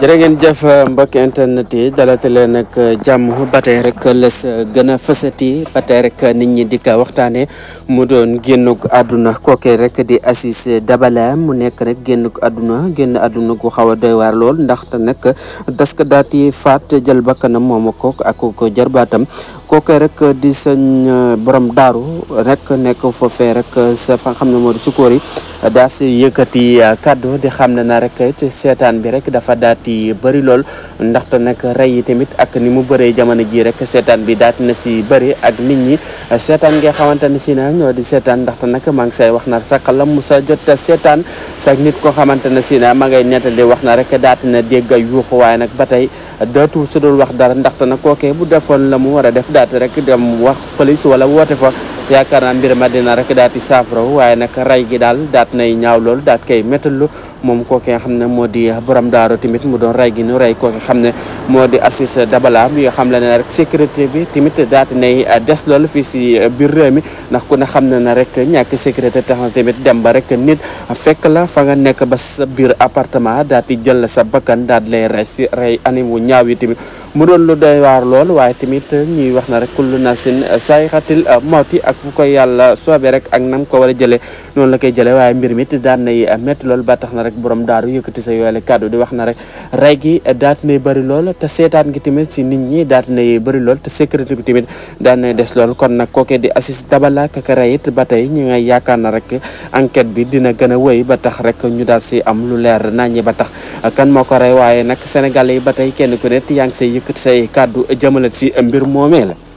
jërë ngeen jëf mbokki internet yi dalate leen ak jàmm ba tey rek la sa gën a fësati ba tey rek nit ñi di ko waxtaanee mu doon génnug àdduna kookee rek di Aziz Dabala mu nekk rek génnug àdduna génn àdduna gu xaw a doy waar lool ndaxte nag daska daat yi faat jël bakkanam moom ak ak ko jarbaatam kookee rek di sëñ euh, borom daaru rek nekk foofee rek sa fa xam ne moo di sukóor yi daa si yëkkati euh, kàddu di xam ne na rek ci seetaan bi rek dafa daal daat yi bëri lool ndaxte nag rey yi tamit ak ni mu bëree jamono ji rek seetaan bi daat na si bëri ak nit ñi seetaan nga xamante ne si na ñoo di seetaan ndaxte nag maa ngi say wax na sax la mu sa jot seetaan sax nit ko xamante ne si na ma ngay nettali wax na rek daat na dégg a yuuxu waaye nag ba tey dootu su dul wax dara ndaxte nag kookee bu defoon la mu war a def daat rek dem wax police wala woote fa yaakaar naa mbir ma dina rek daati saafara waaye nag rey gi daal daat nay ñaaw lool daat koy méttalu moom kooku nga xam ne moo di borom daaru tamit mu doon rey gi ñu rey kooku nga xam ne moo di Aziz Dabala mi nga xam ne rek sécurité bi tamit daati nay des lool fii si biir réew mi ndax ku ne xam ne na rek ñàkk sécurité tax na tamit dem ba rek nit fekk la fa nga nekk ba sa biir appartement daal di jël sa bakkan daal di lay rey si rey animaux ñaaw yi tamit mu doon lu doy waar lool waaye tamit ñuy wax na rek kullu nasin saayxatil mawti ak fu koy yàlla soobee rek ak nam ko war a jëlee noonu la koy jëlee waaye mbir mi daan nay métti lool ba tax na rek borom daaru yëkkati sa kàddu di wax na rek rey gi daati nay bëri lool te seetaan gi tamit si nit ñi daati nay bëri lool te sécurité bi tamit daan nay des lool kon nag kookee di Aziz Dabala kaka rey it ba tey ñu ngay yaakaar na rek enquête bi dina gën a wéy ba tax rek ñu daal si am lu leer ñi ba tax kan moo ko rey waaye nag sénégalais yi ba tey kenn ku nekk yaa ngi say yëkkati say kàddu jëmale ci mbir moomee la